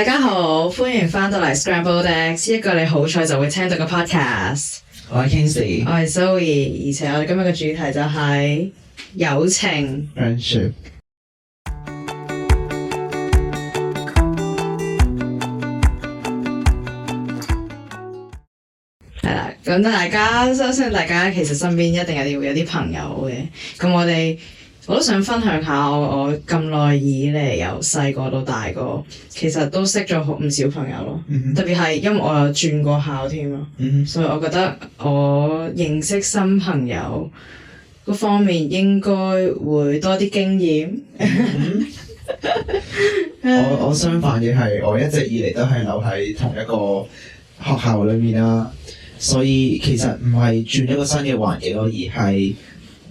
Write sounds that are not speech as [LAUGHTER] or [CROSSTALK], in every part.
大家好，歡迎翻到嚟 Scrambled e g 一個你好彩就會聽到嘅 podcast。我係 k i n g s e y 我係 Zoe，而且我哋今日嘅主題就係友情。Friendship。係啦，咁大家相信大家其實身邊一定會有啲要有啲朋友嘅，咁我哋。我都想分享下我咁耐以嚟由細個到大個，其實都識咗好唔少朋友咯。特別係因為我有轉過校添啊，mm hmm. 所以我覺得我認識新朋友嗰方面應該會多啲經驗。Mm hmm. [LAUGHS] 我我相反嘅係，我一直以嚟都係留喺同一個學校裏面啦，所以其實唔係轉一個新嘅環境咯，而係。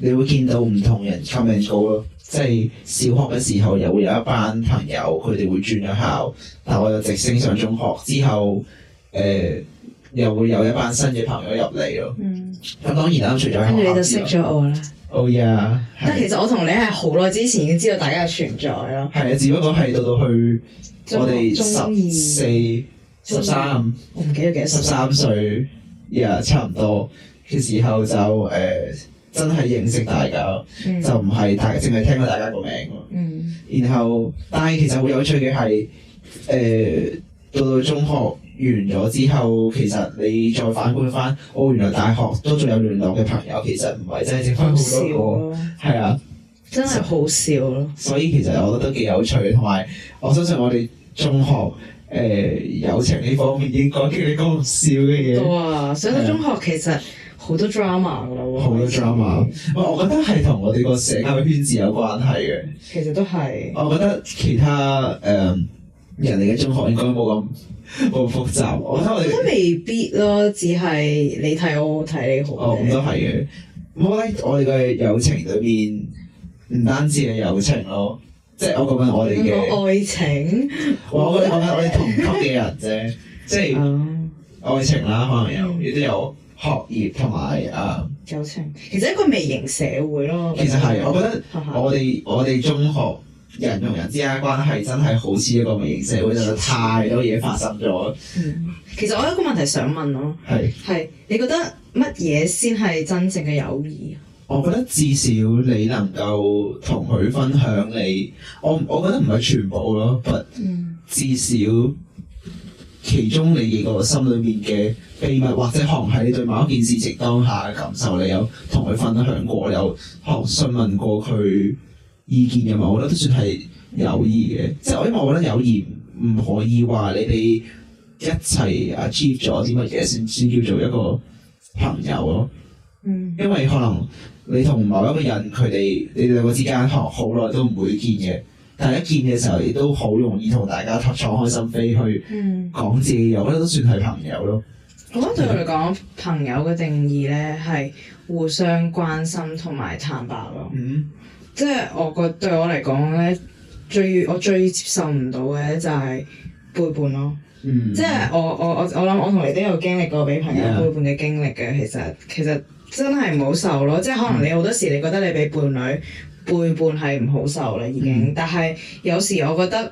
你會見到唔同人 come and go 咯，即係小學嘅時候又會有一班朋友，佢哋會轉咗校，但我又直升上中學之後，誒、呃、又會有一班新嘅朋友入嚟咯。嗯，咁當然啦，除咗跟住你都識咗我啦。哦、oh，yeah！但其實我同你係好耐之前已經知道大家嘅存在咯。係啊，只不過係到到去我哋十四、十三，我唔記得幾多十三歲，yeah，差唔多嘅時候就誒、呃真係認識大家，嗯、就唔係大家，淨係聽過大家個名。嗯、然後，但係其實好有趣嘅係，誒、呃、到到中學完咗之後，其實你再反觀翻，哦，原來大學都仲有聯絡嘅朋友，其實唔係真係剩翻好少，係啊，啊，真係好少咯、啊。所以其實我覺得都幾有趣，同埋我相信我哋中學誒、呃、友情呢方面已經講咗好多好笑嘅嘢。哇！上到中學其實～好多 drama 㗎啦，好、啊、多 drama，啊、我覺得係同我哋個社交圈子有關係嘅。其實都係。我覺得其他誒、uh, 人哋嘅中學應該冇咁冇咁複雜。我覺得我哋都未必咯，只係你睇我好我睇你好嘅。哦、啊，咁都係嘅。我覺得我哋嘅友情裏邊唔單止係友情咯，即係我講緊我哋嘅愛情。我覺得我哋同級嘅人啫， [LAUGHS] 即係、uh, 愛情啦，可能有亦都、嗯、有。學業同埋啊友情，um, 其實一個微型社會咯。其實係，我覺得我哋 [LAUGHS] 我哋中學人同人之間嘅關係真係好似一個微型社會，就有太多嘢發生咗、嗯。其實我有一個問題想問咯，係，係你覺得乜嘢先係真正嘅友誼？我覺得至少你能夠同佢分享你，我我覺得唔係全部咯，但至少。其中你哋個心裏面嘅秘密，或者可能喺你對某一件事情當下嘅感受，你有同佢分享過，有學詢問過佢意見嘅嘛？我覺得都算係友誼嘅。即係我因為我覺得友誼唔可以話你哋一齊 Achieve 咗啲乜嘢先先叫做一個朋友咯。嗯。因為可能你同某一個人佢哋你哋兩個之間可能好耐都唔會見嘅。一大家見嘅時候亦都好容易同大家敞開心扉去講、嗯、自己，我覺得都算係朋友咯。我覺得對佢嚟講，朋友嘅定義呢係互相關心同埋坦白咯。嗯、即係我覺對我嚟講呢，最我最接受唔到嘅就係背叛咯。嗯、即係我我我我諗我同你都有經歷過俾朋友背叛嘅經歷嘅，其實其實真係唔好受咯。即係可能你好多時你覺得你俾伴侶。背叛係唔好受啦，已經。但係有時我覺得，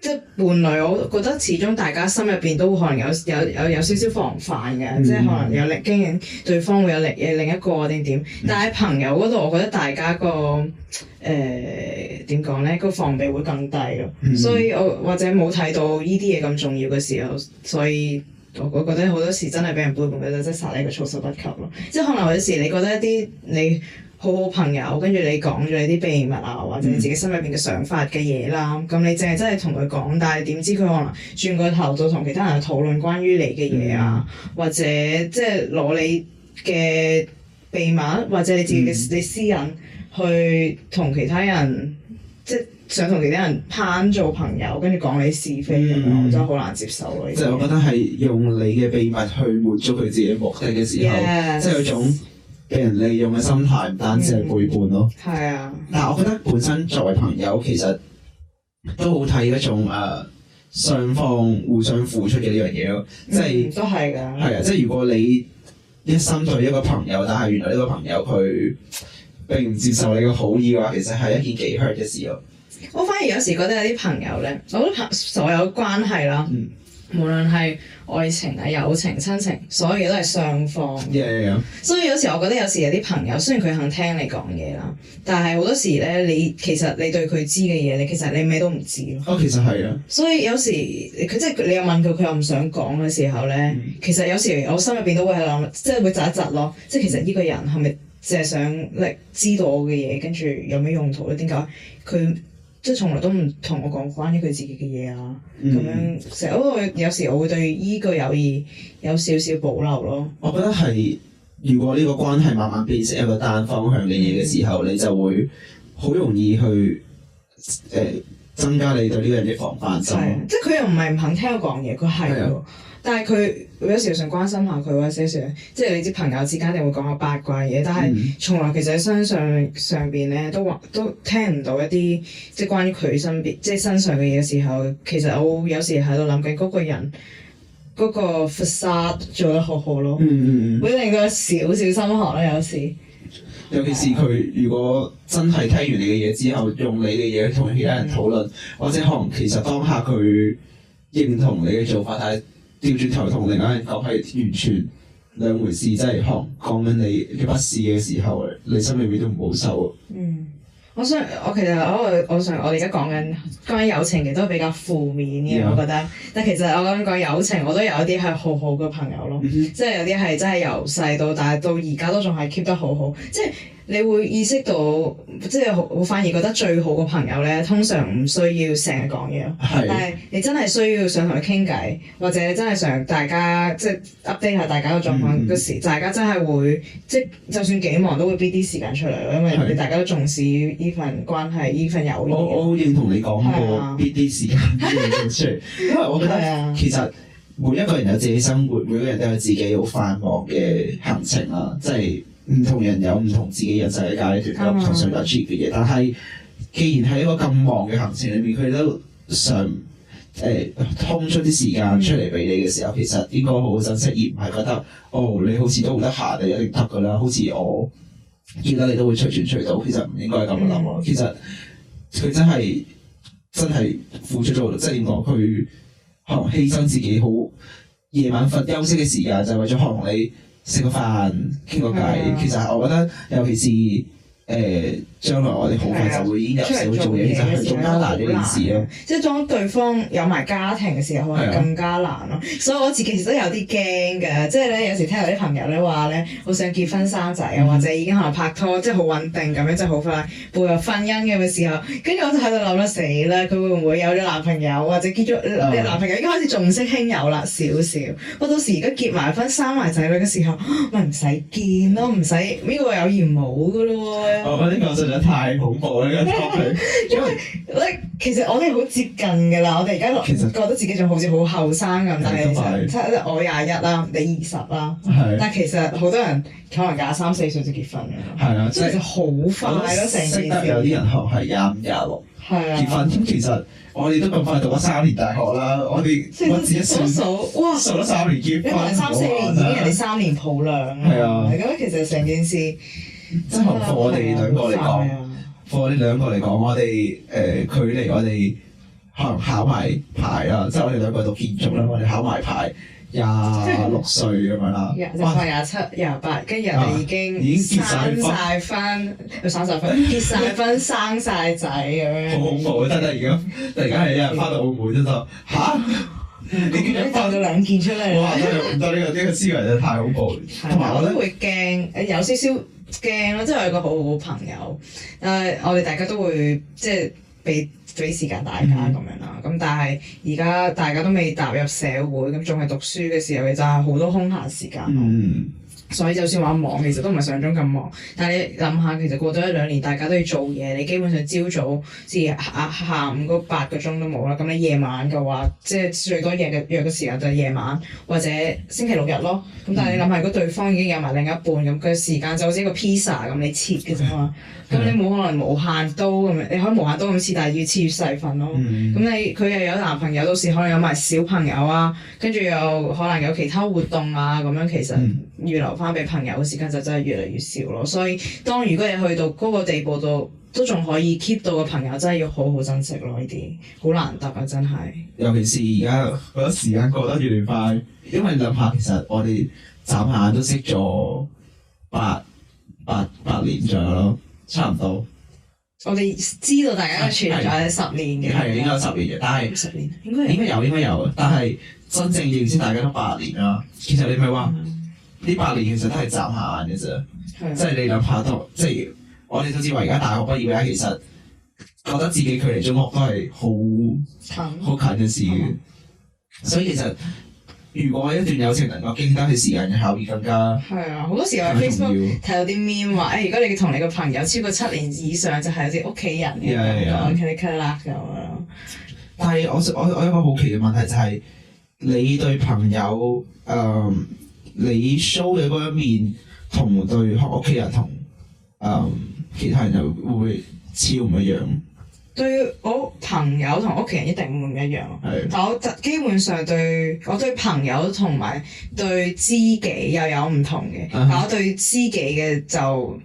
即係伴侶，我覺得始終大家心入邊都會點點、嗯、可能有有有少少防範㗎，即係可能有驚對方會有另另一個定點。但係朋友嗰度，我覺得大家個誒點講呢？個防備會更低咯。嗯、所以我或者冇睇到呢啲嘢咁重要嘅時候，所以我我覺得好多時真係俾人背叛覺得即係殺你，個措手不及咯。即係可能有時你覺得一啲你。好好朋友，跟住你講咗你啲秘密啊，或者你自己心入邊嘅想法嘅嘢啦，咁、嗯、你淨係真係同佢講，但係點知佢可能轉個頭就同其他人去討論關於你嘅嘢啊，嗯、或者即係攞你嘅秘密或者你自己嘅、嗯、你私隱去同其他人，即係想同其他人攀做朋友，跟住講你是非咁樣，我真係好難接受，即係我覺得係用你嘅秘密去滿足佢自己嘅目的嘅時候，即係有一種，被人利用嘅心態唔單止係背叛咯，係、嗯、啊！但係我覺得本身作為朋友其實都好睇一種誒雙方互相付出嘅呢樣嘢咯，即係、嗯、都係㗎，係啊！即係如果你一心對一個朋友，但係原來呢個朋友佢並唔接受你嘅好意嘅話，其實係一件幾 hurt 嘅事咯。我、嗯、反而有時覺得有啲朋友咧，所有朋所有關係啦。嗯無論係愛情啊、友情、親情，所有嘢都係雙方。Yeah, yeah, yeah. 所以有時我覺得有時有啲朋友，雖然佢肯聽你講嘢啦，但係好多時咧，你其實你對佢知嘅嘢，你其實你咩都唔知咯。其實係啊。所以有時佢即係你問又問佢，佢又唔想講嘅時候咧，嗯、其實有時我心入邊都會係諗，即係會窒一窒咯。即係其實呢個人係咪淨係想咧知道我嘅嘢，跟住有咩用途咧？點解佢？即係從來都唔同我講關於佢自己嘅嘢啊，咁、嗯、樣成日，所以我有時我會對依個友誼有少少保留咯。我覺得係，如果呢個關係慢慢變成一個單方向嘅嘢嘅時候，嗯、你就會好容易去誒、呃、增加你對呢個人嘅防範心、啊。即係佢又唔係唔肯聽我講嘢，佢係但係佢會有時想關心下佢，或者少少。即係你知朋友之間一定會講下八卦嘢。但係從來其實喺身上上邊咧，都話都聽唔到一啲即係關於佢身邊即係身上嘅嘢嘅時候，其實我有時喺度諗緊嗰個人嗰、嗰個 facade 做得好好咯，嗯、會令佢少少心寒咯。有時尤其是佢如果真係聽完你嘅嘢之後，用你嘅嘢同其他人討論，嗯、或者可能其實當下佢認同你嘅做法，但調轉頭同另外一個人講係完全兩回事，即係講講緊你嘅不是嘅時候，你心裏面都唔好受啊。嗯，我想我其實我我想我哋而家講緊關於友情亦都比較負面嘅，Yeah. 我覺得。但其實我諗講友情，我都有一啲係好好嘅朋友咯，mm hmm. 即係有啲係真係由細到大到而家都仲係 keep 得好好，即係。你會意識到，即係我反而覺得最好嘅朋友咧，通常唔需要成日講嘢。係。是的 但係你真係需要想同佢傾偈，或者真係想大家即係 update 下大家個狀況嗰時，嗯、大家真係會即係就算幾忙都會搣啲時間出嚟咯，因為啲大家都重視依份關係、依份友誼。我好認同你講過搣啲時間呢樣嘢，因為我覺得其實每一個人有自己生活，每個人都有自己好繁忙嘅行程啦，即係。唔同人有唔、嗯、同自己人生嘅階段，有唔同想追求嘅嘢。嗯、但係，既然喺一個咁忙嘅行程裏面，佢都想誒空出啲時間出嚟俾你嘅時候，其實應該好好珍惜，而唔係覺得哦你好似都冇得閒，你一定得㗎啦。好似我見到你都會隨傳隨到，其實唔應該咁嘅諗法。嗯、其實佢真係真係付出咗，即係點講？佢可能犧牲自己好夜晚瞓休息嘅時間，就係、是、為咗可能你。食個飯傾個偈， [MUSIC] 其實我覺得尤其是誒，呃將來我哋好快就會已經有時會做嘢更加難呢啲事咯，即係當對方有埋家庭嘅時候，可能更加難咯。是的 所以我自其實都有啲驚㗎，即係咧有時聽到啲朋友咧話咧，好想結婚生仔啊，或者已經可能拍拖，即係好穩定咁樣，即係好快步入婚姻嘅時候，跟住我就喺度諗啦，死啦！佢會唔會有咗男朋友，或者結咗男朋友已經開始重色輕友啦？少少，我到時而家結埋婚生埋仔女嘅時候，咪唔使見咯，唔使呢個友誼冇㗎咯喎。 [MUSIC] [MUSIC] 太恐怖啦！因為咧，其實我哋好接近㗎啦，我哋而家其實覺得自己仲好似好後生咁，但係即係我廿一啦，你二十啦，但係其實好多人可能廿三四歲就結婚啦，即係好快咯，成件事。有啲人係廿五廿六結婚，咁其實我哋都咁快讀咗三年大學啦，我哋屈指一算，數咗三年結婚，你廿三四年已經人哋三年抱糧啦，咁其實成件事。即係我哋兩個嚟講，我哋兩個嚟講，我哋誒距離我哋可能考埋牌啦，即係我哋兩個讀建築啦，我哋考埋牌廿六歲咁樣啦，哇廿七、廿八，跟住人哋已經結曬婚，結曬婚三十分，結曬婚生晒仔咁樣。好恐怖啊！真係而家，突然間係一人翻到澳門真就嚇，你居然放咗兩件出嚟。哇，但係你個啲個思維就太恐怖，同埋我覺得會驚有少少，驚啦！即係我有一個好好嘅朋友，誒、呃，我哋大家都會即係俾啲時間大家咁樣啦。咁、嗯、但係而家大家都未踏入社會，咁仲係讀書嘅時候，就係好多空閒時間。嗯嗯所以就算話忙，其實都唔係上鐘咁忙。但係你諗下，其實過咗一兩年，大家都要做嘢，你基本上朝早至下午嗰八個鐘都冇啦。咁你夜晚嘅話，即係最多夜嘅約嘅時間就係夜晚或者星期六日咯。咁但係你諗下，如果對方已經有埋另一半，咁佢時間就好似一個披薩咁，你切嘅啫嘛。 [LAUGHS] 咁你冇可能無限多咁樣，你可以無限多咁黐，但係越黐越細份咯。咁、嗯、你佢又有男朋友，到時可能有埋小朋友啊，跟住又可能有其他活動啊，咁樣其實預留翻俾朋友嘅時間就真係越嚟越少咯。嗯、所以當如果你去到嗰個地步度，都仲可以 keep 到嘅朋友，真係要好好珍惜咯。呢啲好難得啊，真係。尤其是而家覺得時間過得越嚟越快，因為諗下其實我哋眨下都識咗八八八年左右咯。差唔多，我哋知道大家嘅存在係十年嘅，係、哎、應，應，應該有十年嘅，但係應該應該有應該有但係真正認知大家都八年啦。其實你咪話呢八年其實都係眨下眼嘅啫，嗯、即係你諗下，當、嗯、即係我哋都知話而家大學畢業嘅。其實覺得自己距離中學都係好、嗯、近好近嘅事嘅，嗯嗯、所以其實。如果一段友情能夠經得起時間嘅考驗，更加係啊！好多時候喺 Facebook 睇到啲面話，誒、哎、如果你同你個朋友超過七年以上就有，就係好似屋企人咁啦咁樣，樣。Yeah, yeah. 但係我我我有一個好奇嘅問題就係、是，你對朋友誒、嗯、你 show 嘅嗰一面，同對屋企人同誒、嗯、其他人又會唔會超唔一樣？對我朋友同屋企人一定會唔一樣。是的 但我基本上對我對朋友對同埋對知己又有唔同嘅，啊、哼 但我對知己嘅就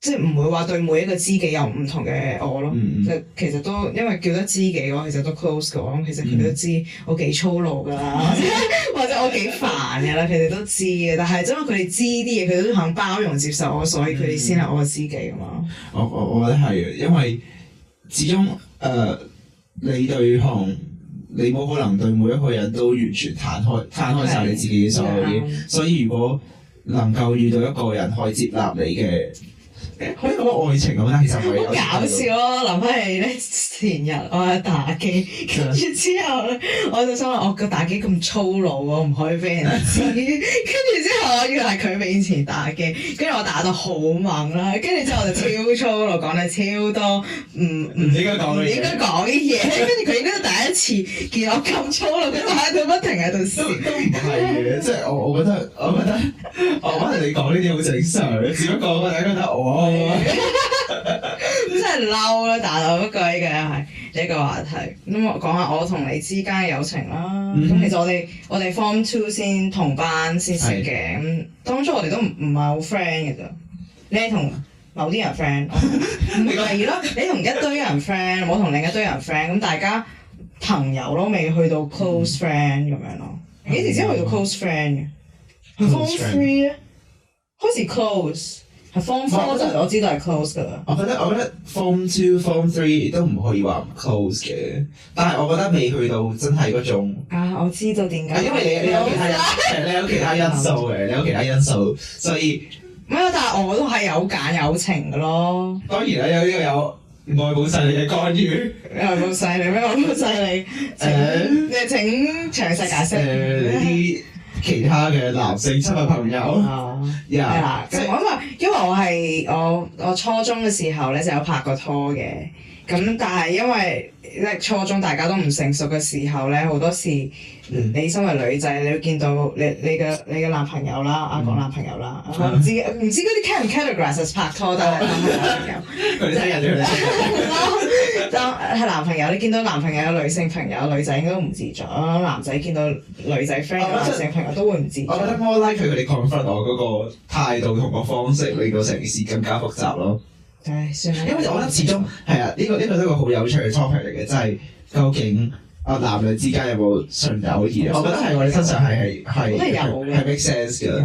即係唔會話對每一個知己有唔同嘅我咯。就、嗯嗯、其實都因為叫得知己，我其實都 close 嘅，其實佢都知我幾粗魯噶啦，嗯、 [LAUGHS] 或者我幾煩噶啦，佢哋都知嘅。但係因為佢哋知啲嘢，佢都肯包容接受我，所以佢哋先係我嘅知己嘛、嗯。我我我覺得係，因為。始終誒、呃，你對行，你冇可能對每一個人都完全攤開攤開曬你自己嘅所有嘢 Yeah.，所以如果能夠遇到一個人可以接納你嘅。好似冇愛情咁啦，其實好搞笑咯！諗翻起咧，前日我喺打機，跟住之後呢我就想話我個打機咁粗魯，我唔可以俾人知。跟住之後我叫埋佢面前打機，跟住我打到好猛啦，跟住之後我就超粗魯，講得超多唔唔、嗯、應該講嘅嘢。唔應該講啲嘢，跟住佢應該第一次 [LAUGHS] 見我咁粗魯，佢打佢不停喺度笑。都都唔係嘅，即係我我覺得我，我覺得我，我覺得你講呢啲好正常，只不過大家覺得我。我真係嬲啦，但係不過呢個係呢個話題。咁我講下我同你之間嘅友情啦。咁其實我哋我哋 form two 先同班先識嘅。咁當初我哋都唔唔係好 friend 嘅咋。你係同某啲人 friend，唔咪例如咯，你同一堆人 friend，我同另一堆人 friend。咁大家朋友都未去到 close friend 咁樣咯。幾時先去到 close friend？Form three 開始 close。係 form four 我就我知道係 close 㗎啦。我覺得我覺得 form two form three 亦都唔可以話唔 close 嘅，但係我覺得未去到真係嗰種。啊，我知道點解。為因為你你有其他，係你有其他因素嘅，你有其他因素，所以。咩？但係我都係有揀友情嘅咯。當然啦，有呢個有外部勢力嘅干預。外部勢力咩？外部勢力。誒，請呃、你請詳細解釋啲。呃呃你其他嘅男性親密朋友，係啦，因為我係我我初中嘅時候呢就有拍過拖嘅，咁但係因為咧初中大家都唔成熟嘅時候呢，好多時。 [MUSIC] 嗯、你身為女仔，你都見到你你嘅你嘅男朋友啦，啊講男朋友啦，唔知唔知嗰啲 cameras 拍拖，但係男朋友，真係人哋就係男朋友。你見到男朋友有女性朋友，女仔應該都唔自在；男仔見到女仔 friend 嘅男性朋友、啊就是、都會唔自在。我覺得 more like 佢哋 confront 我嗰個態度同 [LAUGHS] 個方式，令到成件事更加複雜咯。唉， [LAUGHS] [MUSIC] 算啦因為。因為我覺得始終係啊，呢個呢個都係一個好有趣嘅 topic 嚟嘅，即係究竟。啊！男女之間有冇純友誼啊？我覺得係我哋身上係係係係 make sense 㗎，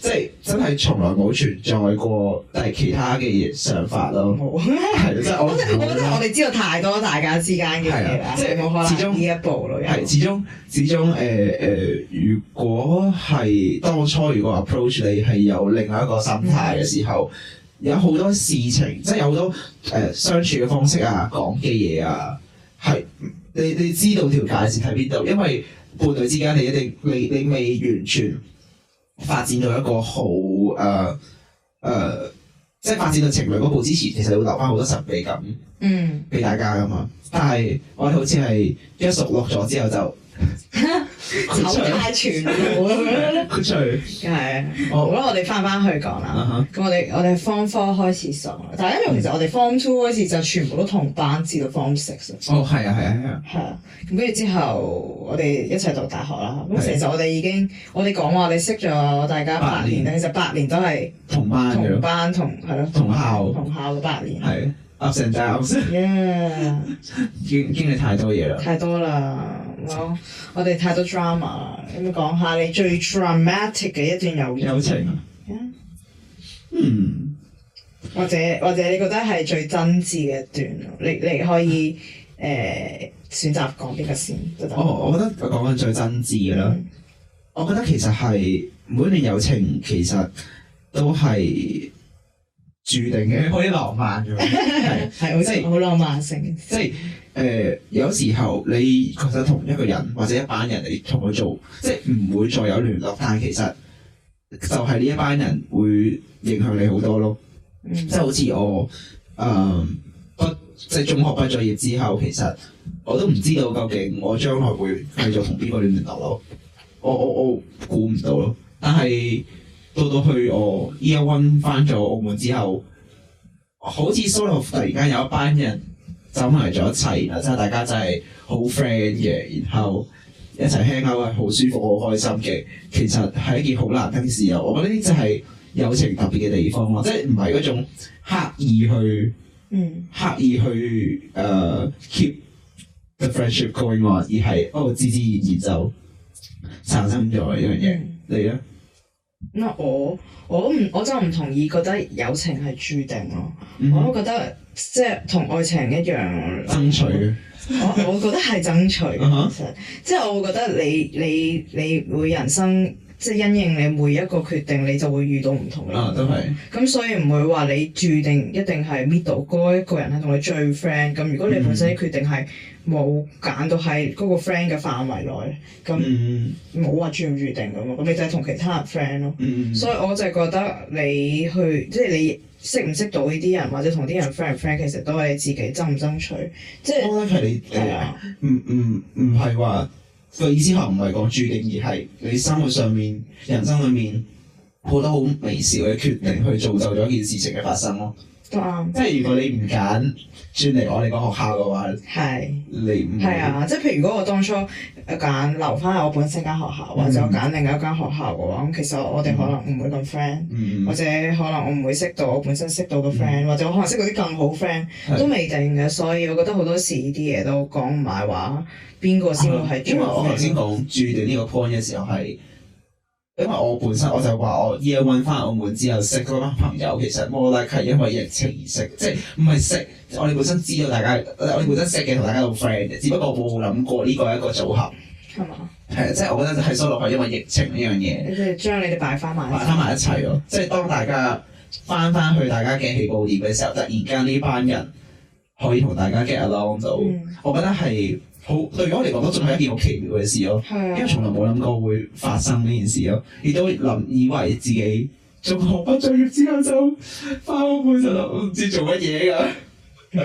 即係真係從來冇存在過。但係其他嘅嘢想法咯，係即係我我覺得我哋知道太多大家之間嘅嘢啦，即係冇可能呢一步咯。係始終始終誒誒，如果係當初如果 approach 你係有另外一個心態嘅時候，有好多事情，即係有好多誒相處嘅方式啊，講嘅嘢啊，係。你你知道條界線喺邊度？因為伴侶之間你一定未你，你未完全發展到一個好誒誒，即係發展到情侶嗰步之前，其實你會留翻好多神秘感，俾大家噶嘛。嗯、但係我哋好似係一熟絡咗之後就。哈！走太 [LAUGHS] 全路， [LAUGHS] [LAUGHS] [LAUGHS] [LAUGHS] [LAUGHS] 好係啊！好啦，我哋翻翻去講啦。咁我哋我哋 form four 開始上，但係因為其實我哋 form two 開始就全部都同班至到 form six。哦，係啊，係啊，係啊，係啊。咁跟住之後，我哋一齊讀大學啦。咁其實我哋已經，我哋講話我哋識咗大家八年，其實八年都係同班，同班同係咯，同校，同校嘅八年。係、啊，up and down。Yeah， [LAUGHS] 經歷太多嘢啦，太多啦。我哋太多 drama 啦 on、yeah. mm.，咁講下你最 dramatic 嘅一段友誼。友情。嗯。或者或者你覺得係最真摯嘅一段，你你可以誒選擇講邊個先？我我覺得我講緊最真摯嘅啦。我覺得其實係每一段友情其實都係注定嘅，好浪漫嘅。係係，好似好浪漫性，即係。誒、呃、有時候你確實同一個人或者一班人你同佢做，即係唔會再有聯絡，但係其實就係呢一班人會影響你好多咯。嗯、即係好似我誒畢、嗯、即係中學畢咗業之後，其實我都唔知道究竟我將來會繼續同邊個聯聯絡咯，我我我估唔到咯。但係到到去我 year one 翻咗澳門之後，好似 sort of 突然間有一班人。走埋咗一齊，然後即係大家真係好 friend 嘅，然後一齊 hang out 係好舒服、好開心嘅。其實係一件好難嘅事啊！我覺得呢啲就係友情特別嘅地方咯，即係唔係嗰種刻意去，刻意去誒 keep the friendship going 喎，而係哦自自然然就產生咗呢樣嘢。你咧？嗱，我我唔我就唔同意覺得友情係注定咯，我都覺得。即係同愛情一樣，爭取我。我我覺得係爭取， [LAUGHS] 其實即係我會覺得你你你會人生即係因應你每一個決定，你就會遇到唔同嘅人。都係、啊。咁所以唔會話你注定一定係搣到嗰一個人係同你最 friend。咁如果你本身啲決定係冇揀到喺嗰個 friend 嘅範圍內，咁冇話註唔註定咁啊？咁你就係同其他人 friend 咯、嗯。所以我就係覺得你去即係你。識唔識到呢啲人，或者同啲人 friend 唔 friend，其實都係自己爭唔爭取， [MUSIC] 即係。我覺得，你，係、嗯、啊，唔唔唔係話意思，係唔係講注定，而係你生活上面、人生裏面好多好微小嘅決定，去造就咗一件事情嘅發生咯。都啱。嗯、即係如果你唔揀轉嚟我哋個學校嘅話，係是，你唔係啊！即係譬如如果我當初誒揀留翻喺我本身間學校，或者我揀另外一間學校嘅話，咁其實我哋可能唔會咁 friend，嗯、或者可能我唔會識到我本身識到嘅 friend，嗯、或者我可能識到啲更好 friend，是都未定嘅。所以我覺得好多時呢啲嘢都講唔埋話，邊個先會係最 friend？因為我頭先講註定呢個 point 嘅時候係。嗯 [LAUGHS] 因為我本身我就話我 year one 翻澳門之後識嗰班朋友，其實 more like 係因為疫情而識，即係唔係識，我哋本身知道大家，我哋本身識嘅同大家好 friend 嘅，只不過冇諗過呢個一個組合係嘛？係吧即係我覺得 solo，去，因為疫情呢樣嘢，即係將你哋擺翻埋，擺翻埋一齊咯。即係當大家翻翻去大家嘅起步點嘅時候，突然間呢班人可以同大家 get along 到。嗯、我覺得係。好，對我嚟講都仲係一件好奇妙嘅事咯，因為的從來冇諗過會發生呢件事咯，亦都諗以為自己中學畢咗業之後就翻屋企就，唔知做乜嘢㗎，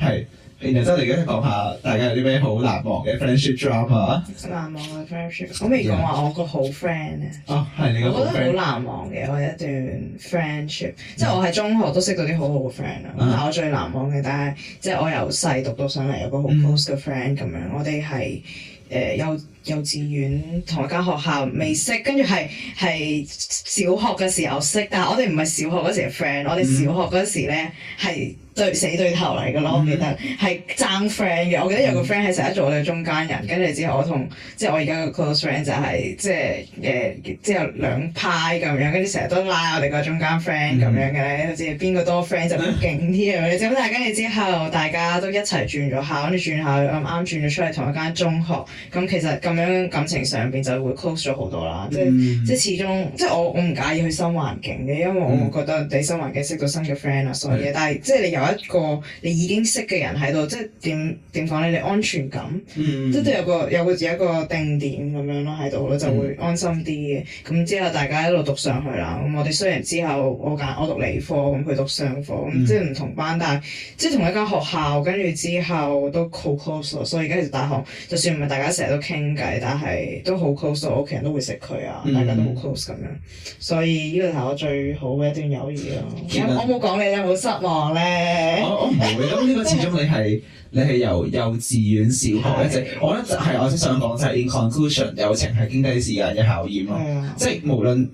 係。 [LAUGHS] 然後真係而家講下，大家有啲咩好難忘嘅 friendship drama 啊？難忘嘅 friendship，我未講話我個好 friend 啊。啊，係你個好 friend。我覺得好難忘嘅，我有一段 friendship，即係我喺中學都識到啲好好嘅 friend 啊。Mm. 但我最難忘嘅，但係即係我由細讀到上嚟有個好 close 嘅 friend 咁樣、mm.，我哋係。誒幼、呃、幼稚園同一間學校未識，跟住係係小學嘅時候識，但係我哋唔係小學嗰時嘅 friend，嗯、我哋小學嗰時咧係對死對頭嚟嘅咯，記得係爭 friend 嘅。我記得有個 friend 係成日做我哋中間人，跟住之後我同即係我而家嘅 close friend 就係、是、即係誒即係有兩派咁樣，跟住成日都拉我哋個中間 friend 咁樣嘅咧，好似邊個多 friend 就邊勁啲咁樣。咁、啊、但係跟住之後大家都一齊轉咗校，跟住轉校，又啱啱轉咗出嚟同一間中學。咁其實咁樣感情上邊就會 close 咗好多啦、嗯，即係即係始終即係我我唔介意去新環境嘅，因為我覺得你新環境識到新嘅 friend 啊，所有嘢，嗯、但係即係你有一個你已經識嘅人喺度，即係點點講咧？你安全感，嗯、即都有個有個自己一個定點咁樣咯喺度咯，就會安心啲嘅。咁、嗯、之後大家一路讀上去啦，咁我哋雖然之後我揀我讀理科，咁去讀商科，咁、嗯、即係唔同班，但係即係同一間學校，跟住之後都好 close 咗，所以而家就大學，就算唔係大家。成日都傾偈，但係都好 close。我屋企人都會識佢啊，嗯、大家都好 close 咁樣，所以呢個係我最好嘅一段友誼咯嗎。我冇講你有冇失望咧？我我唔會，因為呢個始終你係、 [LAUGHS] 就是、你係由幼稚園、小學一直，是我覺得係我先想講就係，in conclusion，友情係經得起時間嘅考驗咯。即係、啊、無論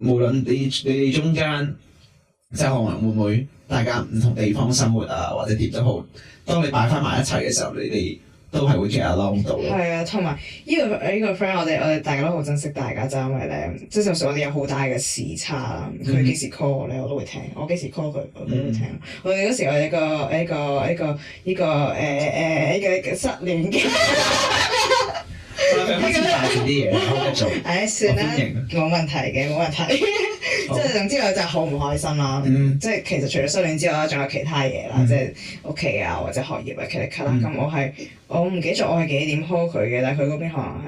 無論你你哋中間即係可能會唔會大家唔同地方生活啊，或者點都好，當你擺翻埋一齊嘅時候，你哋。都係會接下 long 到嘅。係啊，同埋呢個依、呢個 friend，我哋我哋大家都好珍惜大家，就因為咧，即係就算我哋有好大嘅時差佢幾時 call 我咧，我都會聽；我幾時 call 佢，我都會聽。嗯、我哋嗰時我係一個一個一個依個誒誒依個失戀嘅。誒算啦，冇問題嘅，冇問題。 [LAUGHS] 即係總之我就係好唔開心啦，即係其實除咗失戀之外仲有其他嘢啦，即係屋企啊或者學業啊，啦。咁我係我唔記得咗我係幾點 call 佢嘅，但係佢嗰邊可能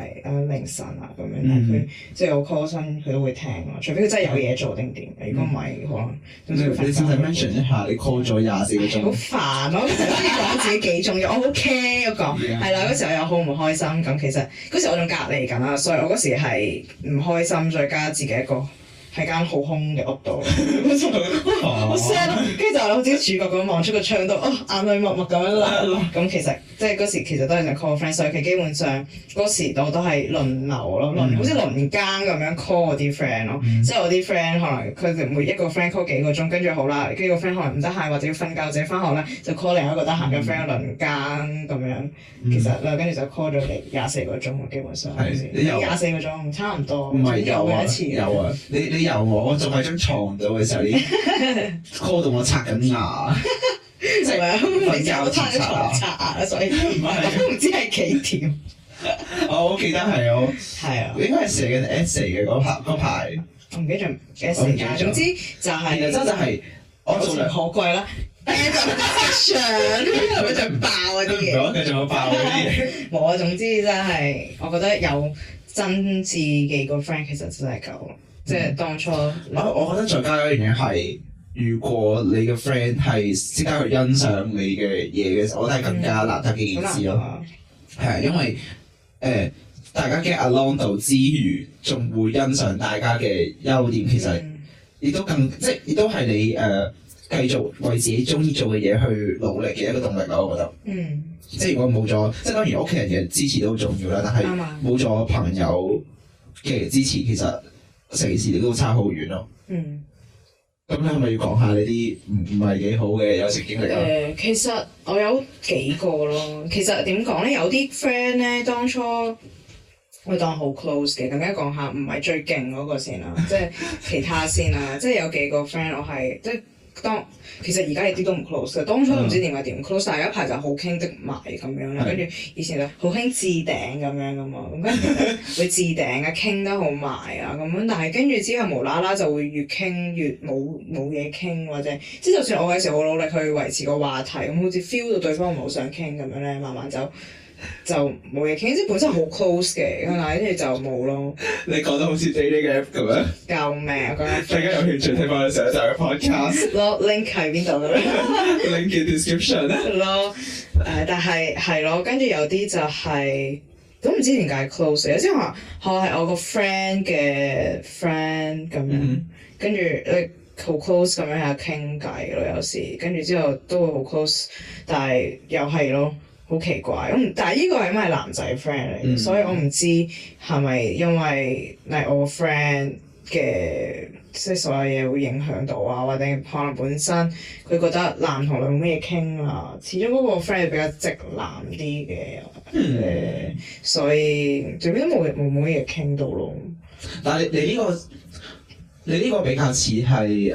係凌晨啊咁樣，但係佢即係我 call 親佢都會聽咯，除非佢真係有嘢做定點。如果唔係可能，咁你先仔 mention 一下你 call 咗廿幾個鐘。好煩我，講自己幾重要，我好 care 嗰個，係啦嗰時我又好唔開心。咁其實嗰時我仲隔離緊啊，所以我嗰時係唔開心，再加自己一個。喺間好空嘅屋度。好 sad 咯，跟住就好似啲主角咁望出個窗度，哦，眼淚默默咁樣流。咁其實即係嗰時其實都係想 call friend，所以佢基本上嗰時我都係輪流咯，輪好似輪更咁樣 call 我啲 friend 咯。即係我啲 friend 可能佢哋每一個 friend call 幾個鐘，跟住好啦，跟住個 friend 可能唔得閒或者要瞓覺或者翻學咧，就 call 另一個得閒嘅 friend 輪更咁樣，其實啦，跟住就 call 咗嚟廿四個鐘，基本上。係你廿四個鐘差唔多。唔係有啊。有啊！你你由我仲喺張床度嘅時候。call 到我刷緊牙，係咪瞓覺刷牙？刷牙，所以唔我都唔知係幾甜。 [LAUGHS] 我好記得係我，係啊，應該係寫緊 essay 嘅嗰排嗰排。唔 [LAUGHS] 記得 essay 嘅 [LAUGHS] [LAUGHS] 總之就係、是， [LAUGHS] 其實就係、是就是、我做嚟可貴啦。想，仲上，你仲爆嗰啲嘢。唔你仲有爆嗰啲嘢。冇啊，總之真係我覺得有真摯嘅個 friend 其實真係夠，即係 [LAUGHS] [LAUGHS] 當初。我 [LAUGHS] [LAUGHS] 我覺得再加有一樣嘢係。如果你嘅 friend 係識得去欣賞你嘅嘢嘅時候，我覺得係更加難得嘅意思、mm, 難得嘅一件事咯。係啊，因為誒、呃、大家 get along 之餘仲會欣賞大家嘅優點，其實亦都更即係亦都係你誒、呃、繼續為自己中意做嘅嘢去努力嘅一個動力咯。我覺得。嗯、mm,。即係如果冇咗，即係當然屋企人嘅支持都好重要啦，但係冇咗朋友嘅支持，其實成件事亦都差好遠咯。嗯。Mm. 咁你係咪要講下呢啲唔唔係幾好嘅友情經歷啊？誒、嗯，其實我有幾個咯。其實點講咧，有啲 friend 咧，當初當我當好 close 嘅。更加講下，唔係最勁嗰個先啦， [LAUGHS] 即係其他先啦。即係有幾個 friend，我係即係。當其實而家一啲都唔 close 嘅，當初都唔知點解點 close 曬。有、huh. 一排就好傾得埋咁樣咧，跟住、uh huh. 以前就好興置頂咁樣噶嘛，咁跟住會置頂啊，傾得好埋啊咁樣，但係跟住之後無啦啦就會越傾越冇冇嘢傾或者，即係就算我有時好努力去維持個話題，咁好似 feel 到對方唔係好想傾咁樣咧，慢慢就～就冇嘢傾，即本身好 close 嘅，嗱，跟住就冇咯。 [LAUGHS] 你講得好似 dating 咁樣。 [LAUGHS] 救命！大家有興趣睇翻嘅時候就去 podcast 咯。Link 喺邊度啊？Link 嘅 description 係咯，誒，但係係咯，跟住有啲就係都唔知點解 close 嘅，有啲話可能係我個 friend 嘅 friend 咁樣，跟住你好 close 咁樣喺度傾偈咯，有時跟住之後都會好 close，但係又係咯。好奇怪，咁但係依個係咩男仔 friend 嚟，所以我唔知係咪因為例如我 friend 嘅即係所有嘢會影響到啊，或者可能本身佢覺得男同女冇咩嘢傾啊，始終嗰個 friend 比較直男啲嘅，嗯 uh, 所以最尾都冇冇冇嘢傾到咯。但係你你呢個？你呢個比較似係誒，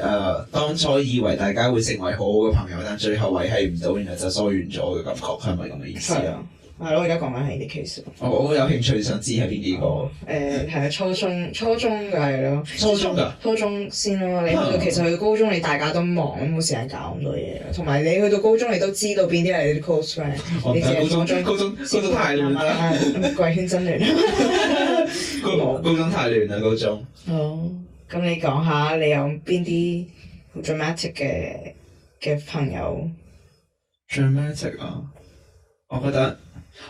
當初以為大家會成為好好嘅朋友，但最後維係唔到，然後就疏遠咗嘅感覺，係咪咁嘅意思？啊，係咯，而家講緊係呢啲 case。我我有興趣想知係邊幾個，誒係啊，初中初中嘅係咯，初中嘅初中先咯。你去到其實去到高中，你大家都忙，冇時間搞咁多嘢。同埋你去到高中，你都知道邊啲係你啲 close friend。你唔係高中，高中高中太亂啦，貴圈真亂。高中太亂啦，高中。好。咁你講下你有邊啲 dramatic 嘅嘅朋友？dramatic 啊、哦，我覺得，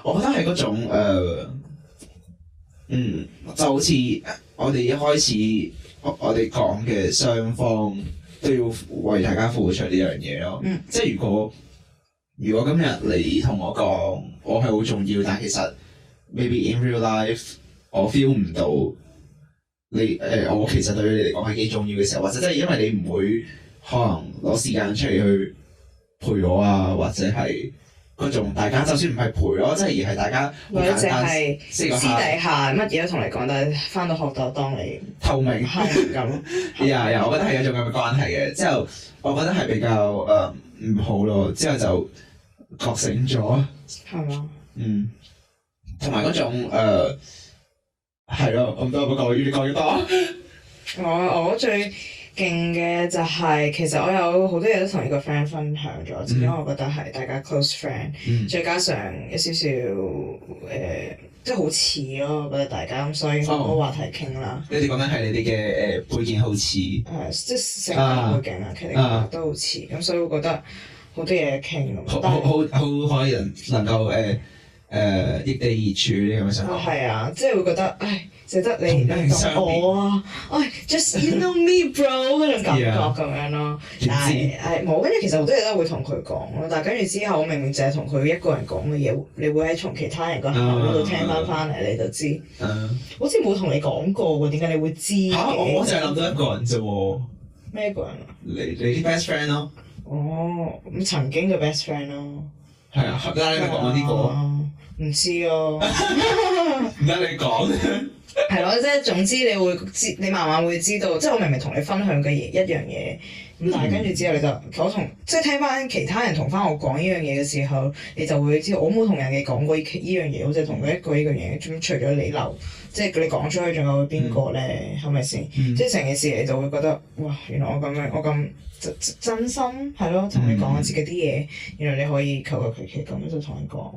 我覺得係嗰種，呃、嗯，就好似我哋一開始我哋講嘅雙方都要為大家付出呢樣嘢咯。嗯、即係如果，如果今日你同我講，我係好重要，但係其實 maybe in real life 我 feel 唔到。你誒、欸，我其實對你嚟講係幾重要嘅時候，或者真係因為你唔會可能攞時間出嚟去陪我啊，或者係嗰種大家，就算唔係陪我，即係而係大家。女仔係私底下乜嘢都同你講，但係返到學到當你透明咁。係啊，我覺得係有一種咁嘅關係嘅。之後我覺得係比較誒唔、呃、好咯。之後就覺醒咗。係啊嗎。嗯。同埋嗰種、呃係咯，我唔得，唔夠，越嚟講越多。我我最勁嘅就係，其實我有好多嘢都同呢個 friend 分享咗，因為我覺得係大家 close friend，再加上一少少誒，即係好似咯，我覺得大家，咁，所以我冇話題傾啦。你哋講緊係你哋嘅誒背景好似係，即係性格背景啊，其實都好似，咁所以我覺得好多嘢傾好好好可以能夠誒。誒易地而處啲咁嘅時候，係啊，即係會覺得，唉，值得你同我啊，唉，just you know me bro 嗰種感覺咁樣咯。唔知，冇。跟住其實好多嘢都會同佢講咯，但係跟住之後，我明明淨係同佢一個人講嘅嘢，你會喺從其他人個口度聽翻翻嚟，你就知。好似冇同你講過喎，點解你會知？我我淨係諗到一個人啫喎。咩一個人啊？你你啲 best friend 咯。哦，咁曾經嘅 best friend 咯。係啊，合啦！你講我啲歌。唔知咯、啊， [LAUGHS] [LAUGHS] 唔得你講。係咯，即係總之你會知，你慢慢會知道。即係我明明同你分享嘅嘢一樣嘢，咁 [LAUGHS] 但係跟住之後你就我同即係聽翻其他人同翻我講呢樣嘢嘅時候，你就會知道我冇同人哋講過呢依樣嘢，好似係同佢一個呢個嘢。咁除咗你留，即係你講出去仲有邊個呢？係咪先？是是嗯、即係成件事你就會覺得哇！原來我咁樣，我咁真心係咯，同你講我自己啲嘢。原來你可以求求其其咁樣就同你講。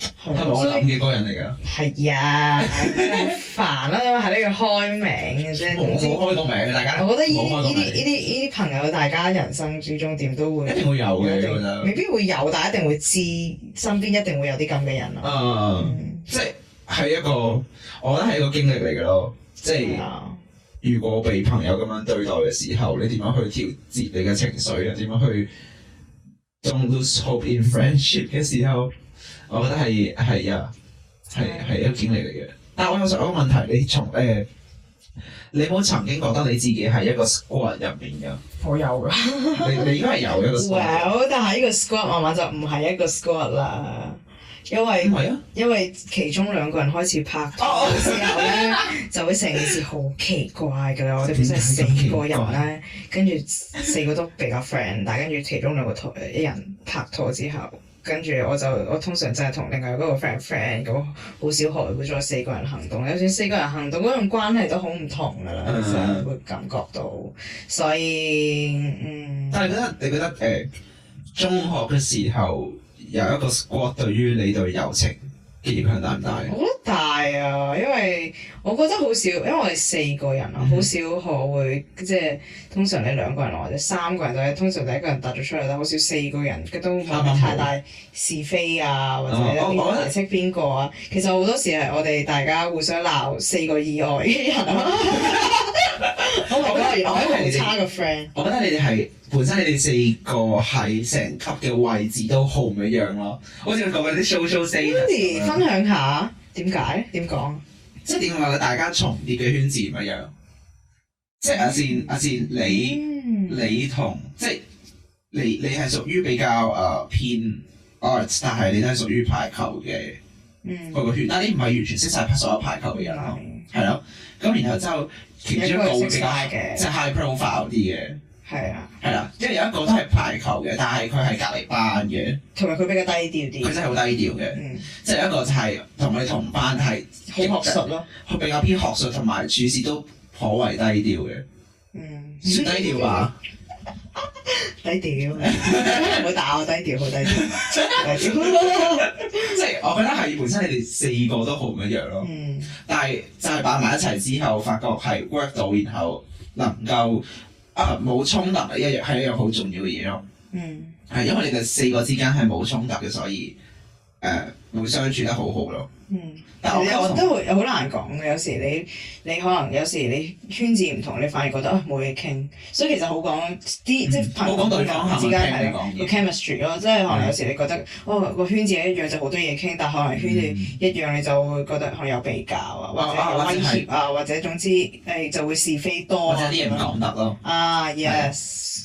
咁我諗嘅個人嚟㗎？係啊，好煩啦，係都要開名嘅啫。我我開個名，嘅。大家。我覺得呢啲呢啲呢啲朋友，大家人生之中點都會一定會有嘅，未必會有，但一定會知，身邊一定會有啲咁嘅人咯。嗯，即係係一個，我覺得係一個經歷嚟嘅咯。即係如果被朋友咁樣對待嘅時候，你點樣去調節你嘅情緒啊？點樣去？Don't lose hope in friendship 嘅時候。我覺得係係呀，係係一個經歷嚟嘅。但係我有實我個問題，你從誒、欸，你冇曾經覺得你自己係一個 squad 入面噶？我有噶。 [LAUGHS] 你你應該係有一個 squad。Well，但係呢個 squad 慢慢就唔係一個 squad 啦，因為、啊、因為其中兩個人開始拍拖嘅時候咧， [LAUGHS] 就會成件事好奇怪噶啦。我哋本身係四個人咧，跟住四個都比較 friend，但係跟住其中兩個台一人拍拖之後。跟住我就，我通常就係同另外嗰個 friend friend 咁，好少學會再四個人行動。就算四個人行動，嗰種關係都好唔同㗎啦，其實、uh huh. 會感覺到。所以，嗯。但係覺得你覺得誒、呃，中學嘅時候有一個 squad，對於你對友情。影響大唔大嘅？我覺得大啊，因為我覺得好少，因為我哋四個人啊，好少學會即係、就是、通常你兩個人或者三個人，或者通常第一個人突咗出嚟，但好少四個人都冇乜太大是非啊，或者邊個嚟識邊個啊？其實好多時係我哋大家互相鬧四個以外嘅人，啊。 [LAUGHS] 我覺得係差個 friend。我覺得你哋係本身你哋四個喺成級嘅位置都好唔一樣咯。好似我講啲 social 四。分享下點解？點講？即點講咧？大家重疊嘅圈子唔一樣？嗯、即阿健，阿健，你、嗯、你同即你你係屬於比較誒、uh, 偏 arts，但係你都係屬於排球嘅。嗯。個圈，嗯、但你唔係完全識晒所有排球嘅人咯定。嗯。係、嗯、咯。咁然後之後。其中一個識 high 嘅，即係 high profile 啲嘅。係啊，係啦、啊，因為有一個都係排球嘅，但係佢係隔離班嘅。同埋佢比較低調啲。佢真係好低調嘅，嗯、即係有一個就係同佢同班係好學術咯，佢比較偏學術，同埋處事都頗為低調嘅。嗯，算低調吧。 [LAUGHS] [LAUGHS] 低調的笑， [LAUGHS] [LAUGHS] 唔好打我，低調好低調。即係我覺得係本身你哋四個都好唔一樣咯。但係就係擺埋一齊之後，發覺係 work 到，然後能夠啊冇衝突一樣，係一樣好重要嘅嘢咯。嗯，係因為你哋四個之間係冇衝突嘅，所以誒、啊。會相處得好好咯。嗯，但係我都會好難講嘅，有時你你可能有時你圈子唔同，你反而覺得冇嘢傾。所以其實好講啲即係朋友之間係個 chemistry 咯。即係可能有時你覺得哦個圈子一樣就好多嘢傾，但係可能圈子一樣你就會覺得可能有比較啊，或者有威脅啊，或者總之誒就會是非多咯。或者啲嘢唔講得咯。啊 yes，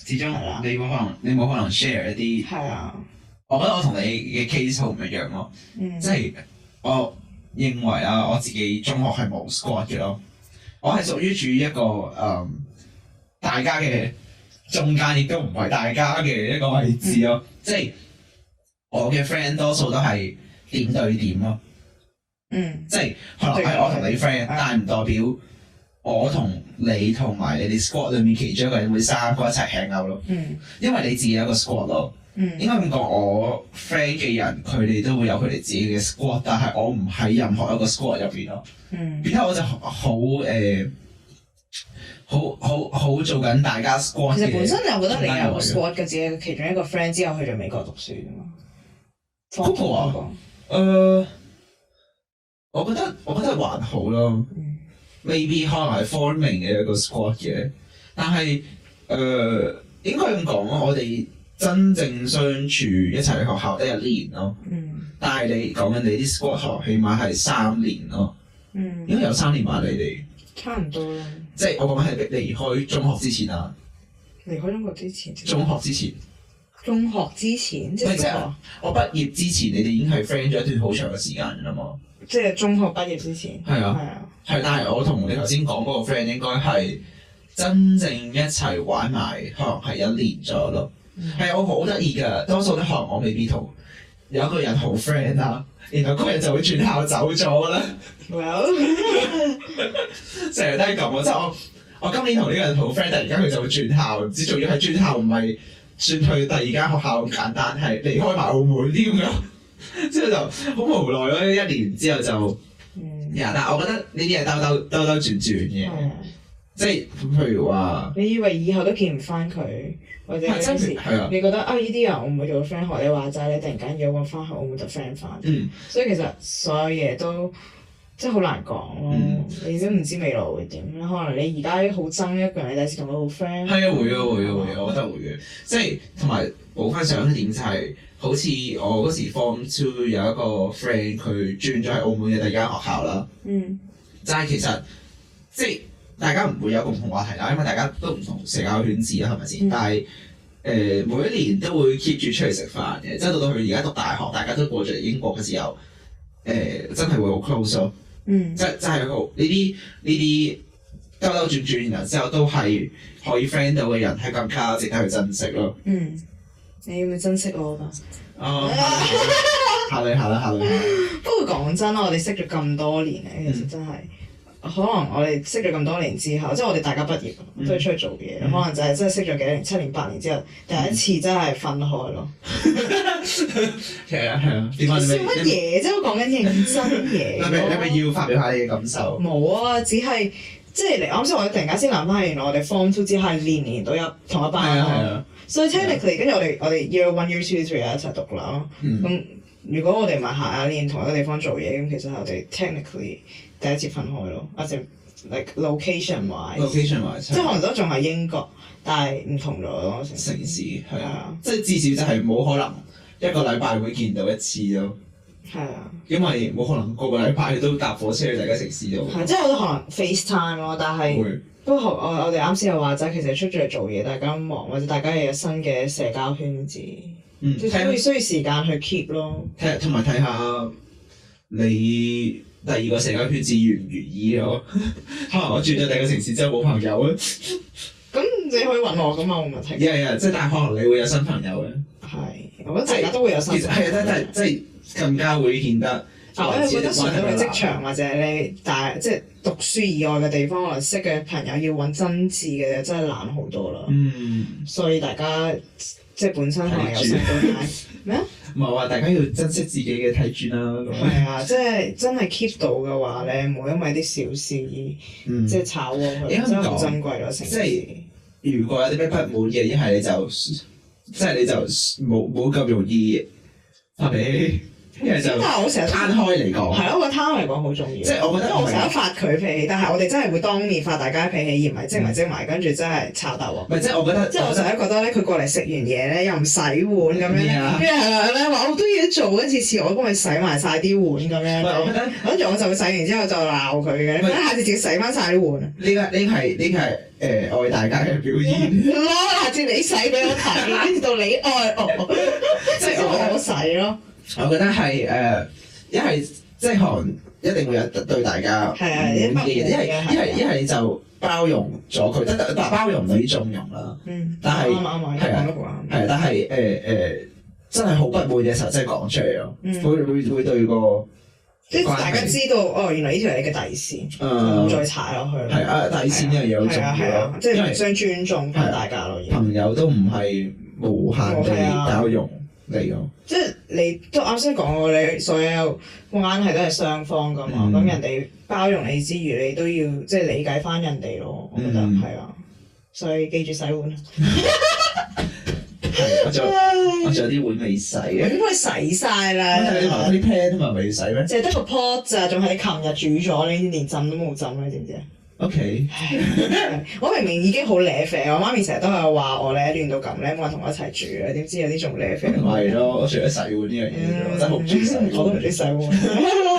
始終係你冇可能你冇可能 share 一啲係啊。我覺得我同你嘅 case 好唔一樣咯、啊,嗯、即係我認為啊，我自己中學係冇 squad 嘅咯，我係屬於處於一個誒、嗯、大家嘅中間，亦都唔係大家嘅一個位置咯、啊，嗯、即係我嘅 friend 多數都係點對點咯、啊，嗯，即係可能係我同你 friend，嗯、但係唔代表我同你同埋你哋 squad 裏面其中一個人會三個一齊 hang out 咯，嗯，因為你自己有一個 squad 咯。應該咁講，我 friend 嘅人佢哋都會有佢哋自己嘅 squad，但係我唔喺任何一個 squad 入邊咯。嗯，然後我就好誒，好好好做緊大家 squad。其實本身我覺得你有個 squad 嘅，自己，其中一個 friend 之後去咗美國讀書。Couple 啊、嗯？誒、嗯呃，我覺得我覺得還好咯。嗯、maybe 可能係 forming 嘅一個 squad 嘅，但係誒、呃、應該咁講我哋。真正相處一齊喺學校得一年咯，嗯、但係你講緊你啲 school 同學起碼係三年咯，應該、嗯、有三年玩你哋，差唔多啦。即係我講緊係離開中學之前啊，離開中國之前，中學之前，中學之前，中學之前，即係中學，我畢業之前，之前你哋已經係 friend 咗一段好長嘅時間㗎啦嘛。即係中學畢業之前，係啊係啊，係、啊，但係我同你頭先講嗰個 friend 應該係真正一齊玩埋，可能係一年咗咯。係、嗯、我好得意㗎，多數都可能我未必同。有一個人好 friend 啦、啊，然後嗰人就會轉校走咗啦。Well，成日 [LAUGHS] 都係咁啊！即係 [LAUGHS] 我我今年同呢個人好 friend，突然間佢就會轉校，唔知做咗係轉校，唔係轉去第二間學校咁簡單，係離開埋澳門啲咁樣。之 [LAUGHS] 後就好無奈咯，一年之後就、嗯、但我覺得呢啲係兜兜轉轉嘅。兜兜兜轉轉即係譬如話，你以為以後都見唔翻佢，或者、啊、你覺得啊呢啲人我唔會做 friend，學你話齋你突然間約我翻學，我唔做 friend 翻。嗯。所以其實所有嘢都即係好難講咯，嗯、你都唔知未來會點。可能你而家好憎一個人，你第時同佢好 friend。係啊，會啊吧，會啊，會啊，我覺得會嘅。即係同埋補翻上一點就係，好似我嗰時 form two 有一個 friend，佢轉咗喺澳門嘅第二間學校啦。嗯。就係其實即係。大家唔會有共同話題啦，因為大家都唔同社交圈子啦，係咪先？嗯、但係誒、呃，每一年都會 keep 住出嚟食飯嘅，即係到到佢而家讀大學，大家都過咗嚟英國嘅時候，誒、呃、真係會好 close 咯、哦。嗯即，即係即係呢啲呢啲兜兜轉轉，然之後都係可以 friend 到嘅人，係更加值得去珍惜咯、哦。嗯，你要唔要珍惜我噃？啊，嚇你嚇你嚇你！不過講真啦，我哋識咗咁多年咧，其實真係～可能我哋識咗咁多年之後，即係我哋大家畢業都係出去做嘢，嗯、可能就係真係識咗幾年、七年、八年之後，第一次真係分開咯。係啊係啊，笑乜嘢 [LAUGHS] 即係為我講緊認真嘢。你係咪你咪要發表下你嘅感受？冇啊，只係即係嚟啱先，我哋突然間先諗翻，原來我哋 form two 之後年年都有同一班啊，啊所以 technically 跟住我哋我哋 year one year two three 一齊讀啦。嗯。如果我哋唔係下一年同一個地方做嘢，咁其實係我哋 technically 第一次分開咯。啊，即係 like location wise，Location wise 即係可能都仲係英國，但係唔同咗咯。城市係啊，啊即係至少就係冇可能一個禮拜會見到一次咯。係、嗯、啊，因為冇可能個個禮拜你都搭火車去大家城市度。係、啊，啊、即係可能 FaceTime 咯，但係會不過我我哋啱先又話齋，其實出咗嚟做嘢，大家忙或者大家又有新嘅社交圈子。嗯，都會需要時間去 keep 咯。睇，同埋睇下你第二個社交圈子如唔如意我？可能我住咗第二個城市之後冇朋友咧。咁 [LAUGHS] [LAUGHS] 你可以揾我㗎嘛，冇問題。係啊，即係，但係可能你會有新朋友嘅。係，我覺得大家都會有新朋友。係啊，但係即係更加會顯得來自於職場或者你大即係讀書以外嘅地方，我哋識嘅朋友要揾真摯嘅真係難好多啦。嗯。所以大家。即係本身係由細 [LAUGHS] 麼 [LAUGHS] 到大咩？唔係話大家要珍惜自己嘅睇質啦。咁係啊，即係真係 keep 到嘅話咧，唔好因為啲小事而即係炒鍋佢。咁珍貴囉。點講？即係如果有啲咩不滿嘅，一係你就即係你就冇冇咁容易發脾。嗯、但係我成日攤開嚟講，係咯，個攤嚟講好重要。即係我覺得，我成日發佢脾氣，但係我哋真係會當面發大家脾氣，而唔係積埋積埋，跟住真係炒大鑊。唔係，即係我覺得，即係我成日覺得咧，佢過嚟食完嘢咧，又唔洗碗咁樣，跟住係咪咧話我都要做？一次次我幫佢洗埋晒啲碗咁樣。跟住我就會洗完之後就鬧佢嘅，下次自己洗翻晒啲碗。呢個呢係呢係誒愛大家嘅表現。咯， [LAUGHS] 下次你洗俾我睇，跟住到你愛我，即係我洗咯得。 [LAUGHS] 我覺得係誒，一係即可能一定會有對大家唔滿乜嘢，一係一係一係就包容咗佢，即包容唔等於縱容啦。但係啱啱啱，係啊，但係誒誒，真係好不滿嘅時候，真係講出嚟咯。會會會對個即係大家知道，哦，原來呢條係你嘅底線，唔再查落去。係啊，底線係好重要，即係互相尊重大家咯。朋友都唔係無限地包容。即係你都啱先講過，你所有關係都係雙方噶嘛，咁、嗯、人哋包容你之餘，你都要即係理解翻人哋咯。我覺得係、嗯、啊，所以記住洗碗。我仲 [LAUGHS] 我仲有啲碗未洗啊！全部洗晒啦。是啊、你啲啲 pad 咪唔係要洗咩？啊？淨係得個 pot 咋，仲係你琴日煮咗，你連浸都冇浸，你知唔知啊？OK， [LAUGHS] [LAUGHS] 我明明已經好叻肥，我媽咪成日都係話我咧，亂到咁咧，冇人同我一齊住，點知有啲仲叻肥？唔係咯，我除咗洗碗呢樣嘢，嗯、我真係好唔中意洗，我都唔中意洗碗。 [LAUGHS] [LAUGHS]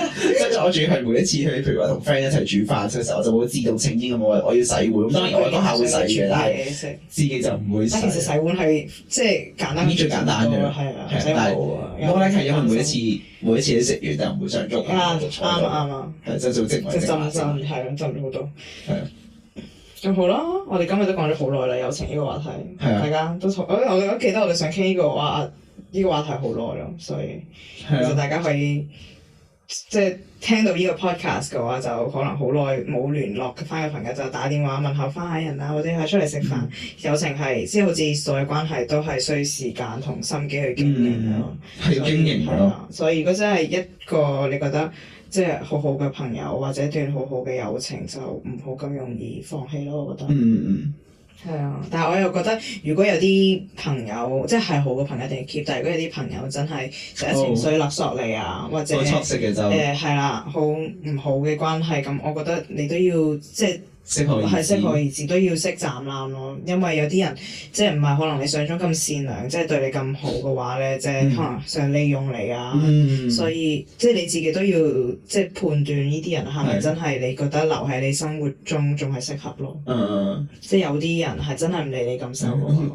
我主要係每一次去，譬如話同 friend 一齊煮飯嘅時候，我就會自動清啲咁我我要洗碗。當然我當下會洗嘅，但係自己就唔會洗。但其實洗碗係即係簡單最簡單嘅。係啊。係，但係我咧係因為每一次每一次你食完就唔會想郁。啱啱啱啊！就做積累積積積。係咁積咗好多。係啊。咁好啦，我哋今日都講咗好耐啦，友情呢個話題，大家都我我記得我哋想傾呢個話呢個話題好耐咯，所以其實大家可以。即係聽到呢個 podcast 嘅話，就可能好耐冇聯絡翻嘅朋友，就打電話問候翻下人啊，或者係出嚟食飯，嗯、友情係即係好似所有關係都係需要時間同心機去經營咯。係要、嗯、係經營嘅咯。所以如果真係一個你覺得即係好好嘅朋友或者一段好好嘅友情，就唔好咁容易放棄咯。我覺得。嗯嗯。係啊，Yeah. 但係我又覺得，如果有啲朋友即係好嘅朋友，朋友一定要 keep。但係如果有啲朋友真係成日情緒勒索你啊，oh。或者誒係啦，好唔好嘅關係咁，我覺得你都要即係。係適可而止，都要識斬纜咯。因為有啲人即係唔係可能你想象咁善良，即係對你咁好嘅話咧，即係可能想利用你啊。所以即係你自己都要即係判斷呢啲人係咪真係你覺得留喺你生活中仲係適合咯。即係有啲人係真係唔理你感受，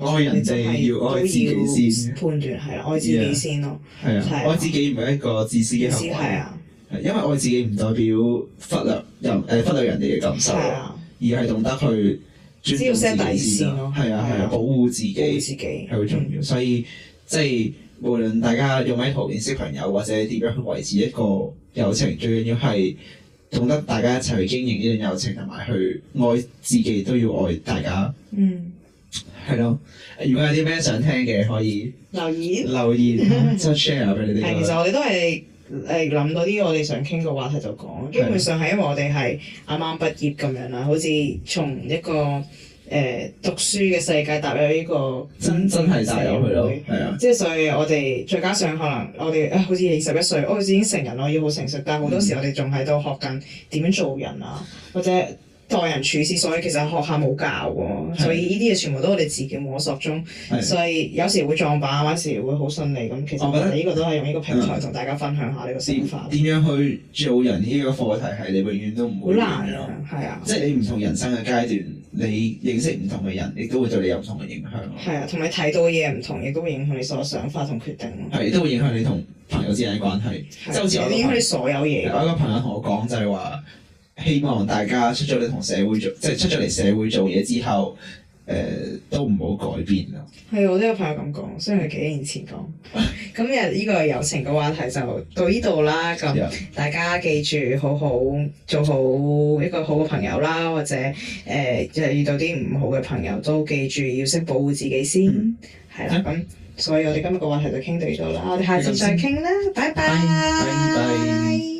愛人就要愛自己先。判斷係咯，愛自己先咯。係啊，愛自己唔係一個自私嘅行為。因為愛自己唔代表忽略人，誒忽略人哋嘅感受。而係懂得去尊重自己先，係啊，係啊，啊，保護自己護自己係好重要，嗯、所以即係無論大家用咩途徑識朋友或者點樣去維持一個友情，最緊要係懂得大家一齊去經營呢段友情，同埋去愛自己都要愛大家。嗯，係咯。如果有啲咩想聽嘅，可以留言留言，即係 share 俾你哋，這個。其實我哋都係。誒諗到啲我哋想傾嘅話題就講，基本上係因為我哋係啱啱畢業咁樣啦，好似從一個誒、呃、讀書嘅世界踏入呢個真真係踏入去咯，係啊以！的即係所以我哋再加上可能我哋好似二十一歲，我好似已經成人咯，要好成熟，但係好多時我哋仲喺度學緊點樣做人啊，mm hmm. 或者。待人處事，所以其實學校冇教喎，的所以呢啲嘢全部都係你自己摸索中，的所以有時會撞板，有時會好順利咁。其實我覺得呢個都可用呢個平台同、嗯、大家分享下呢個想法。點、嗯、樣去做人呢個課題係你永遠都唔會好難咯，係啊。即係你唔同人生嘅階段，你認識唔同嘅人，你都會對你有唔同嘅影響咯。係啊，同你睇到嘅嘢唔同，亦都，都會影響你所有想法同決定咯。係，都會影響你同朋友之間嘅關係。的就好似我影響你所有嘢。我有一個朋友同我講，我講就係、是、話。希望大家出咗嚟同社會做，即係出咗嚟社會做嘢之後，誒、呃、都唔好改變啊！係，我都有朋友咁講，雖然係幾年前講。 [LAUGHS] 今日呢個友情嘅話題就到呢度啦。咁大家記住，好好做好一個好嘅朋友啦，或者誒，即、呃、係遇到啲唔好嘅朋友都記住要識保護自己先。係啦，咁所以我哋今日個話題就傾到呢度啦。嗯、我哋下次再傾啦，今天 拜拜。拜拜拜拜